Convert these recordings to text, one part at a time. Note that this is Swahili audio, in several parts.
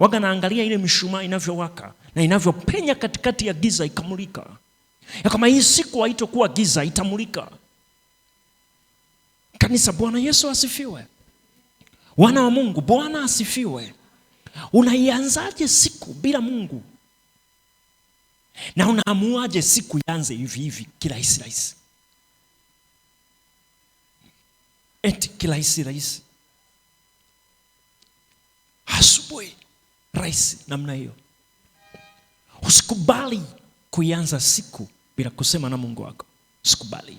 waga naangalia ile mishumaa inavyowaka na inavyopenya katikati ya giza ikamulika, ya kama hii siku haitokuwa giza, itamulika. Kanisa, Bwana Yesu asifiwe. Wana wa Mungu, Bwana asifiwe. Unaianzaje siku bila Mungu? Na unaamuaje siku ianze hivi hivi kirahisi rahisi? Eti kirahisi rahisi, asubuhi rahisi namna hiyo. Usikubali kuianza siku bila kusema na Mungu wako, usikubali.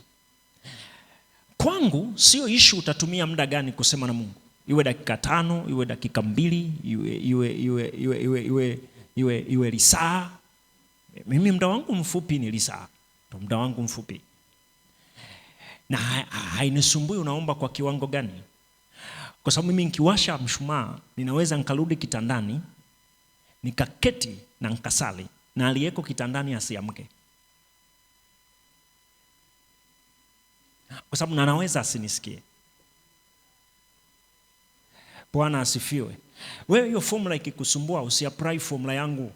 Kwangu sio ishu utatumia muda gani kusema na Mungu, iwe dakika tano, iwe dakika mbili, iwe iwe iwe iwe iwe iwe iwe iwe lisaa. Mimi muda wangu mfupi ni lisaa, ndo muda wangu mfupi na hainisumbui ha, unaomba kwa kiwango gani, kwa sababu mimi nikiwasha mshumaa ninaweza nkarudi kitandani nikaketi na nkasali, na aliyeko kitandani asiamke, kwa sababu nanaweza asinisikie. Bwana asifiwe. Wewe hiyo formula ikikusumbua, usiapply formula yangu.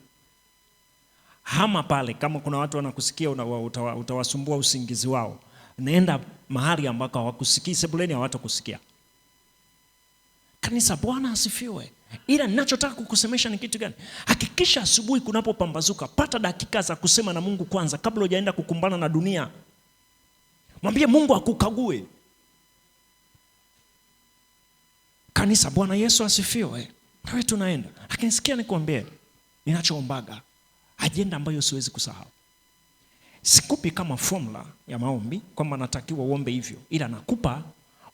Hama pale, kama kuna watu wanakusikia utawa, utawasumbua usingizi wao. Naenda mahali ambako hawakusikii, sebuleni hawatakusikia. Kanisa, Bwana asifiwe ila ninachotaka kukusemesha ni kitu gani? Hakikisha asubuhi kunapopambazuka, pata dakika za kusema na Mungu kwanza, kabla hujaenda kukumbana na dunia. Mwambie Mungu akukague. Kanisa, Bwana Yesu asifiwe. Nawe tunaenda, lakini sikia nikuambie, ninachoombaga ajenda ambayo siwezi kusahau. Sikupi kama formula ya maombi kwamba natakiwa uombe hivyo, ila nakupa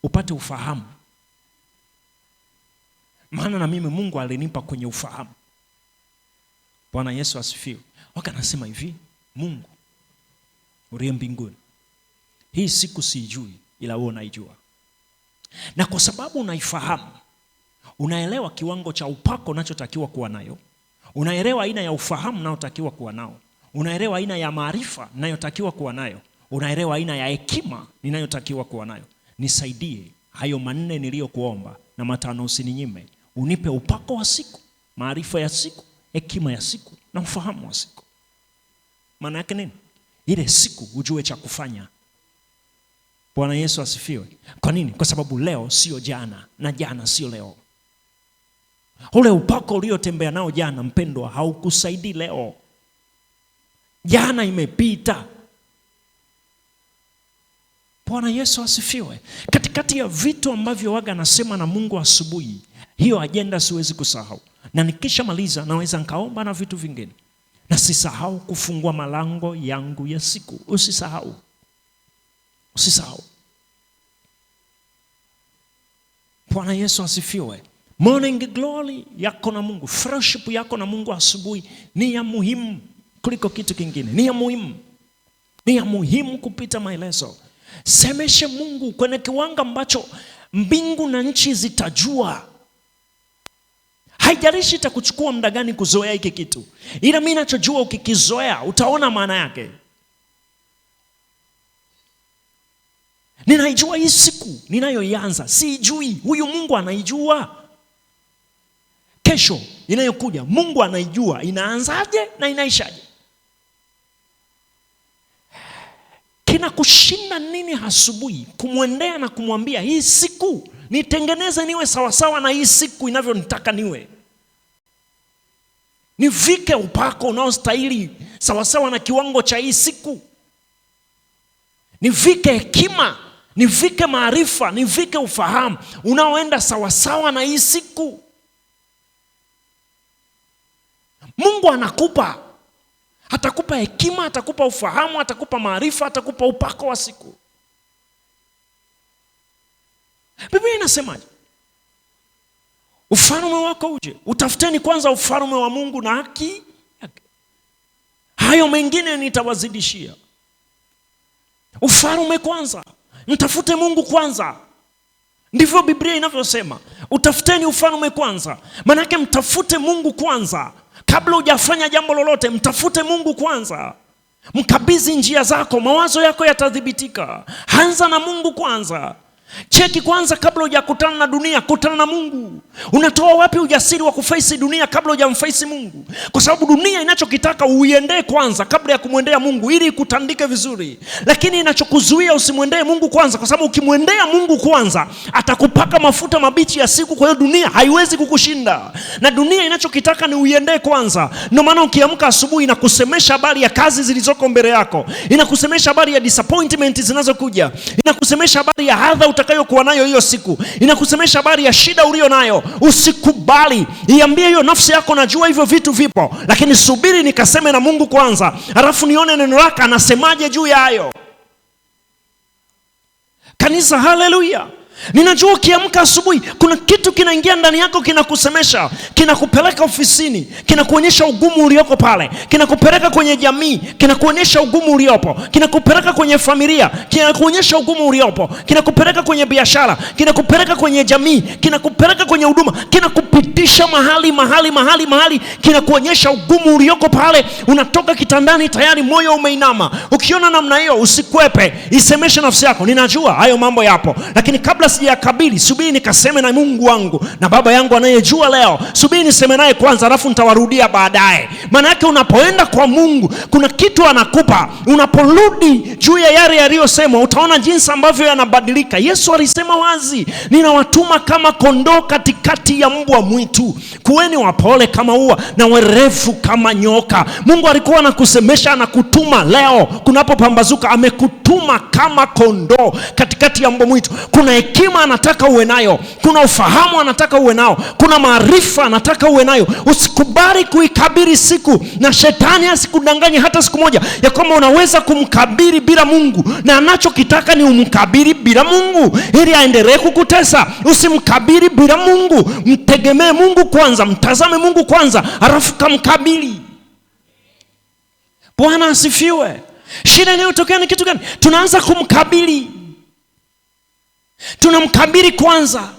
upate ufahamu maana na mimi Mungu alinipa kwenye ufahamu. Bwana Yesu asifiwe. Waka anasema hivi, Mungu uliye mbinguni, hii siku siijui, ila wewe unaijua, na kwa sababu unaifahamu, unaelewa kiwango cha upako unachotakiwa kuwa nayo, unaelewa aina ya ufahamu unaotakiwa kuwa nao, unaelewa aina ya maarifa ninayotakiwa kuwa nayo, unaelewa aina ya hekima ninayotakiwa kuwa nayo. Nisaidie hayo manne niliyokuomba na matano usininyime unipe upako wa siku, maarifa ya siku, hekima ya siku na ufahamu wa siku. Maana yake nini? Ile siku ujue cha kufanya. Bwana Yesu asifiwe. Kwa nini? Kwa sababu leo sio jana na jana sio leo. Ule upako uliotembea nao jana, mpendwa, haukusaidii leo. Jana imepita. Bwana Yesu asifiwe. Katikati ya vitu ambavyo waga anasema na Mungu asubuhi hiyo ajenda siwezi kusahau, na nikishamaliza naweza nkaomba na vitu vingine, na sisahau kufungua malango yangu ya siku. Usisahau, usisahau. Bwana Yesu asifiwe. Morning glory yako na Mungu, fellowship yako na Mungu asubuhi ni ya muhimu kuliko kitu kingine, ni ya muhimu, ni ya muhimu kupita maelezo. Semeshe Mungu kwenye kiwango ambacho mbingu na nchi zitajua haijarishi itakuchukua muda gani kuzoea hiki kitu, ila mimi nachojua ukikizoea utaona maana yake. Ninaijua hii siku ninayoianza, siijui. Huyu Mungu anaijua kesho inayokuja, Mungu anaijua inaanzaje na inaishaje. Kinakushinda nini asubuhi kumwendea na kumwambia hii siku nitengeneze niwe sawasawa na hii siku inavyonitaka niwe? nivike upako unaostahili sawasawa na kiwango cha hii siku, nivike hekima, nivike maarifa, nivike ufahamu unaoenda sawasawa na hii siku. Mungu anakupa, atakupa hekima, atakupa ufahamu, atakupa maarifa, atakupa upako wa siku. Biblia inasemaje? Ufalme wako uje. Utafuteni kwanza ufalme wa Mungu na haki yake, hayo mengine nitawazidishia. Ufalme kwanza, mtafute Mungu kwanza, ndivyo Biblia inavyosema. Utafuteni ufalme kwanza, maanake mtafute Mungu kwanza. Kabla hujafanya jambo lolote, mtafute Mungu kwanza. Mkabidhi njia zako, mawazo yako yatathibitika. Anza na Mungu kwanza. Cheki kwanza, kabla hujakutana na dunia, kutana na Mungu. Unatoa wapi ujasiri wa kufaisi dunia kabla ujamfaisi Mungu? Kwa sababu dunia inachokitaka uiendee kwanza kabla ya kumwendea Mungu ili ikutandike vizuri, lakini inachokuzuia usimwendee Mungu kwanza, kwa sababu ukimwendea Mungu kwanza atakupaka mafuta mabichi ya siku. Kwa hiyo dunia haiwezi kukushinda, na dunia inachokitaka ni uiendee kwanza. Ndio maana ukiamka asubuhi inakusemesha habari ya kazi zilizoko mbele yako, inakusemesha habari ya disappointment zinazokuja, inakusemesha habari ya hadha utakayokuwa nayo hiyo siku, inakusemesha habari ya shida ulio nayo usikubali. Iambie hiyo nafsi yako, najua hivyo vitu vipo, lakini subiri nikaseme na Mungu kwanza, alafu nione neno lake anasemaje juu yayo Kanisa, haleluya! Ninajua ukiamka asubuhi kuna kitu kinaingia ndani yako, kinakusemesha, kinakupeleka ofisini, kinakuonyesha ugumu ulioko pale, kinakupeleka kwenye jamii, kinakuonyesha ugumu uliopo, kinakupeleka kwenye familia, kinakuonyesha ugumu uliopo, kinakupeleka kwenye biashara, kinakupeleka kwenye jamii, kinakupeleka kwenye huduma, kinakupitisha mahali mahali mahali mahali, kinakuonyesha ugumu ulioko pale. Unatoka kitandani tayari moyo umeinama. Ukiona namna hiyo, usikwepe, isemeshe nafsi yako, ninajua hayo mambo yapo, lakini kabla sijakabili, subiri nikaseme na Mungu wangu na Baba yangu anayejua leo, subiri niseme naye kwanza, alafu nitawarudia baadaye. Maana yake unapoenda kwa Mungu kuna kitu anakupa. Unaporudi juu ya yale yaliyosemwa, utaona jinsi ambavyo yanabadilika. Yesu alisema wazi, ninawatuma kama kondoo katikati ya mbwa mwitu, kuweni wapole kama ua na werefu kama nyoka. Mungu alikuwa anakusemesha, anakutuma leo kunapopambazuka, amekutuma kama kondoo katikati ya mbwa mwitu. Kuna hekima anataka uwe nayo, kuna ufahamu anataka uwe nao, kuna maarifa anataka uwe nayo. Usikubali kuikabiri siku, na shetani asikudanganye hata siku moja ya kwamba unaweza kumkabiri bila Mungu, na anachokitaka ni umkabiri bila Mungu ili aendelee kukutesa. Usimkabiri bila Mungu, mtegemee Mungu kwanza, mtazame Mungu kwanza, halafu kamkabili. Bwana asifiwe. Shida inayotokea ni kitu gani? Tunaanza kumkabili tunamkabiri kwanza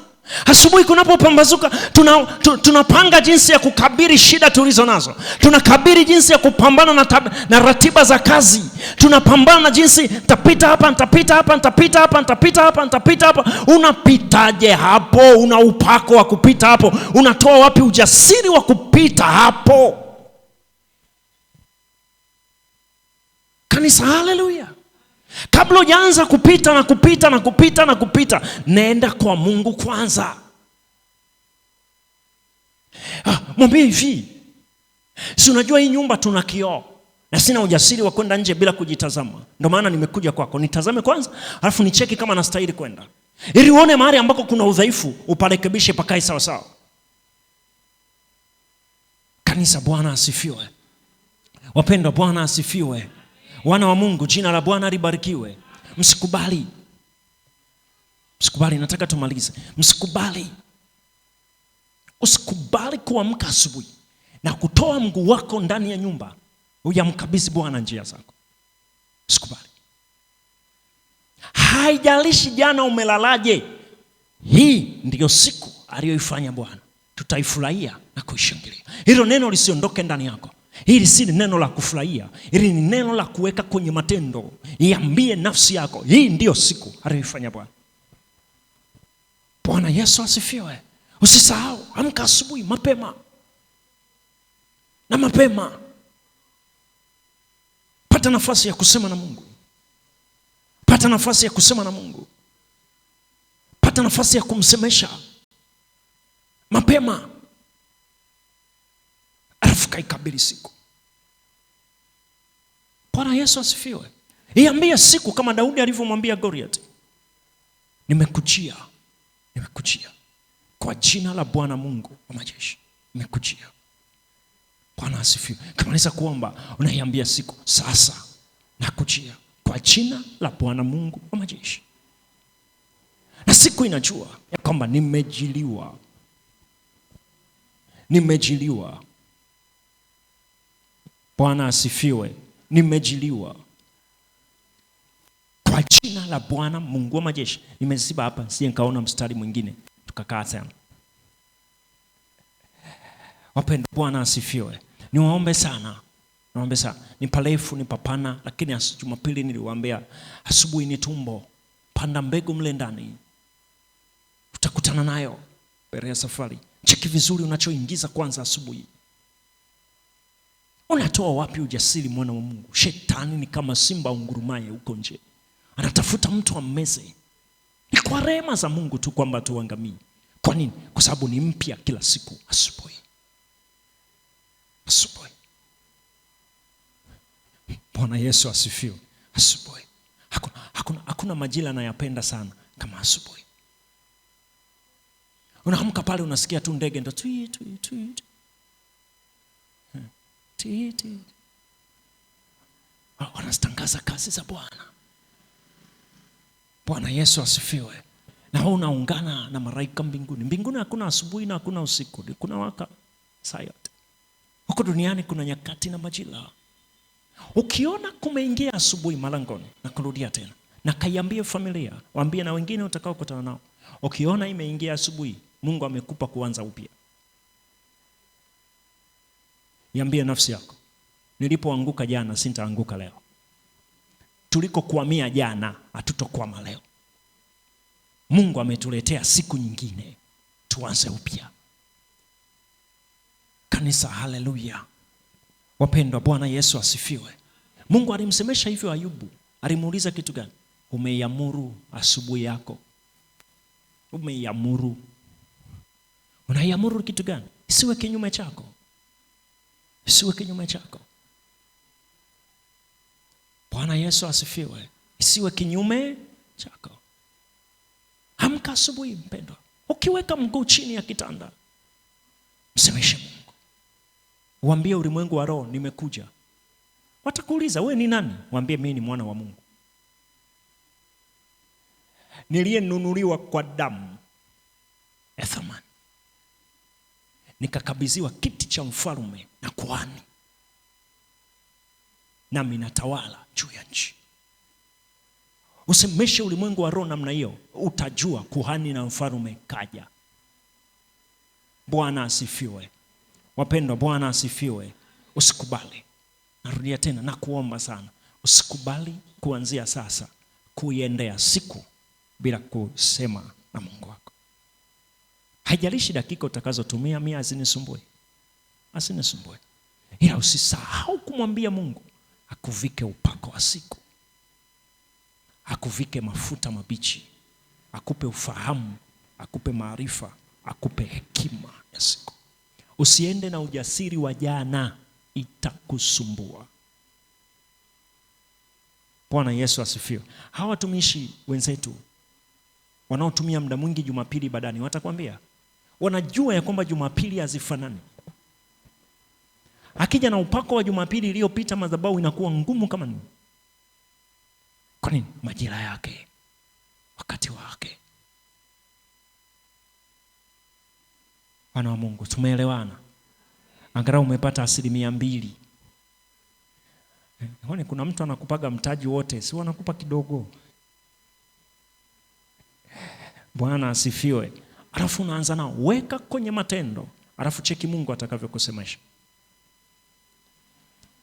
asubuhi kunapopambazuka tuna, tunapanga jinsi ya kukabiri shida tulizo nazo tunakabiri jinsi ya kupambana na, tab, na ratiba za kazi tunapambana na jinsi ntapita hapa ntapita hapa ntapita hapa ntapita hapa ntapita hapa unapitaje hapo una upako wa kupita hapo unatoa wapi ujasiri wa kupita hapo kanisa haleluya Kabla hujaanza kupita na kupita na kupita na kupita, naenda kwa Mungu kwanza. Ah, mwambie hivi, si unajua hii nyumba tuna kioo na sina ujasiri wa kwenda nje bila kujitazama, ndio maana nimekuja kwako, nitazame kwanza, alafu nicheki kama nastahili kwenda, ili uone mahali ambako kuna udhaifu, uparekebishe pakae sawasawa. Kanisa, Bwana asifiwe. Wapendwa, Bwana asifiwe. Wana wa Mungu, jina la Bwana libarikiwe. Msikubali, msikubali. Nataka tumalize. Msikubali, usikubali kuamka asubuhi na kutoa mguu wako ndani ya nyumba uyamkabidhi Bwana njia zako. msikubali haijalishi jana umelalaje. Hii ndiyo siku aliyoifanya Bwana, tutaifurahia na kuishangilia. Hilo neno lisiondoke ndani yako. Hili si neno la kufurahia, hili ni neno la kuweka kwenye matendo. Iambie nafsi yako, hii ndiyo siku aliyoifanya Bwana. Bwana Yesu asifiwe. Usisahau, amka asubuhi mapema na mapema, pata nafasi ya kusema na Mungu, pata nafasi ya kusema na Mungu, pata nafasi ya kumsemesha mapema akaikabili siku. Bwana Yesu asifiwe. Iambie siku kama Daudi alivyomwambia goriat nimekujia, nimekujia kwa jina la Bwana Mungu wa majeshi, nimekujia. Bwana asifiwe. Kamaliza kuomba, unaiambia siku, sasa nakujia kwa jina la Bwana Mungu wa majeshi, na siku inajua ya kwamba nimejiliwa, nimejiliwa Bwana asifiwe. Nimejiliwa kwa jina la Bwana Mungu wa majeshi. Nimeziba hapa, sije nikaona mstari mwingine tukakaa tena. Wapendwa, Bwana asifiwe. Niwaombe sana, naombe sana, ni parefu ni papana, lakini Jumapili niliwaambia asubuhi ni tumbo, panda mbegu mle ndani, utakutana nayo mbele ya safari. Cheki vizuri unachoingiza kwanza asubuhi Unatoa wapi ujasiri mwana wa Mungu? Shetani ni kama simba ungurumaye huko nje, anatafuta mtu ammeze. Ni kwa rehema za Mungu tu kwamba tuangamii. Kwa nini? Kwa sababu ni mpya kila siku asubuhi asubuhi. Bwana Yesu asifiwe. Asubuhi hakuna, hakuna, hakuna majira anayapenda sana kama asubuhi. Unaamka pale unasikia tu ndege ndo twi twi twi Titi. Wanazitangaza kazi za Bwana. Bwana Yesu asifiwe. Na huu unaungana na maraika mbinguni. Mbinguni hakuna asubuhi na hakuna usiku, kuna waka saa Huko duniani kuna nyakati na majila Ukiona kumeingia asubuhi malangoni, na kurudia tena, na kaiambie familia, waambie na wengine utakao kutana nao, ukiona imeingia asubuhi, Mungu amekupa kuanza upya. Niambie nafsi yako, nilipoanguka jana sintaanguka leo, tulikokwamia jana hatutokwama leo. Mungu ametuletea siku nyingine, tuanze upya. Kanisa, haleluya! Wapendwa, Bwana Yesu asifiwe. Mungu alimsemesha hivyo Ayubu, alimuuliza kitu gani? Umeiamuru asubuhi yako, umeiamuru. Unaiamuru kitu gani? Isiwe kinyume chako. Isiwe kinyume chako. Bwana Yesu asifiwe. Isiwe kinyume chako. Amka asubuhi, mpendwa, ukiweka mguu chini ya kitanda, msemeshe Mungu, wambie ulimwengu wa roho, nimekuja. Watakuuliza we ni nani? Mwambie mimi ni mwana wa Mungu niliyenunuliwa kwa damu ya nikakabidhiwa kiti cha mfalme na kuhani, nami natawala juu ya nchi. Usemeshe ulimwengu wa roho namna hiyo, utajua kuhani na mfalme kaja. Bwana asifiwe. Wapendwa, Bwana asifiwe. Usikubali, narudia tena na kuomba sana, usikubali kuanzia sasa kuiendea siku bila kusema na Mungu wako. Haijalishi dakika utakazotumia, mimi azinisumbue asinisumbue, ila usisahau kumwambia Mungu akuvike upako wa siku, akuvike mafuta mabichi, akupe ufahamu, akupe maarifa, akupe hekima ya siku. Usiende na ujasiri wa jana, itakusumbua. Bwana Yesu asifiwe. Hawa watumishi wenzetu wanaotumia muda mwingi Jumapili ibadani watakwambia wanajua ya kwamba Jumapili hazifanani. Akija na upako wa Jumapili iliyopita, madhabahu inakuwa ngumu kama nini. Kwa nini? Majira yake, wakati wake. Wana wa Mungu, tumeelewana? Angalau umepata asilimia mbili. Oni, eh, kuna mtu anakupaga mtaji wote, si wanakupa kidogo. Bwana asifiwe alafu unaanza nao, weka kwenye matendo, alafu cheki Mungu atakavyokusemesha.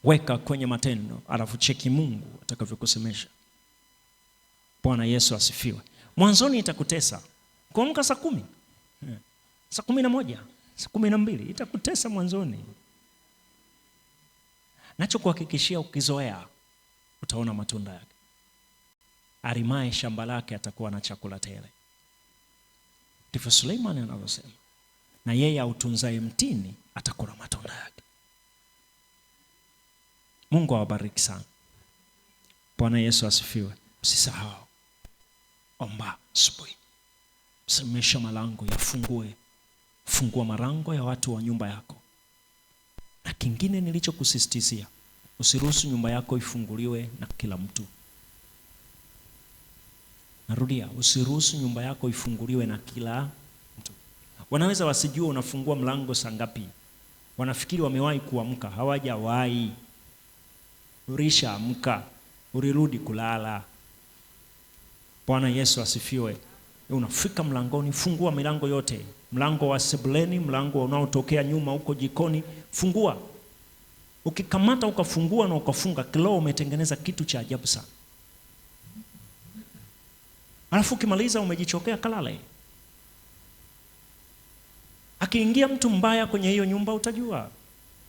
Weka kwenye matendo, alafu cheki Mungu atakavyokusemesha. Bwana Yesu asifiwe. Mwanzoni itakutesa kuamka saa kumi, eh, saa kumi na moja, saa kumi na mbili, itakutesa mwanzoni. Nachokuhakikishia, ukizoea utaona matunda yake. Arimaye shamba lake atakuwa na chakula tele. Ndivyo Suleimani anavyosema, na yeye autunzaye mtini atakula matunda yake. Mungu awabariki sana. Bwana Yesu asifiwe. Msisahau omba asubuhi, simamisha malango yafungue, fungua malango ya watu wa nyumba yako. Na kingine nilichokusisitizia, usiruhusu nyumba yako ifunguliwe na kila mtu. Narudia, usiruhusu nyumba yako ifunguliwe na kila mtu. Wanaweza wasijue unafungua mlango saa ngapi, wanafikiri wamewahi kuamka, hawajawahi. Ulishaamka, ulirudi kulala. Bwana Yesu asifiwe. Unafika mlangoni, fungua milango yote, mlango wa sebuleni, mlango unaotokea nyuma huko jikoni, fungua. Ukikamata ukafungua na ukafunga, kiloo umetengeneza kitu cha ajabu sana alafu ukimaliza umejichokea kalale. Akiingia mtu mbaya kwenye hiyo nyumba utajua.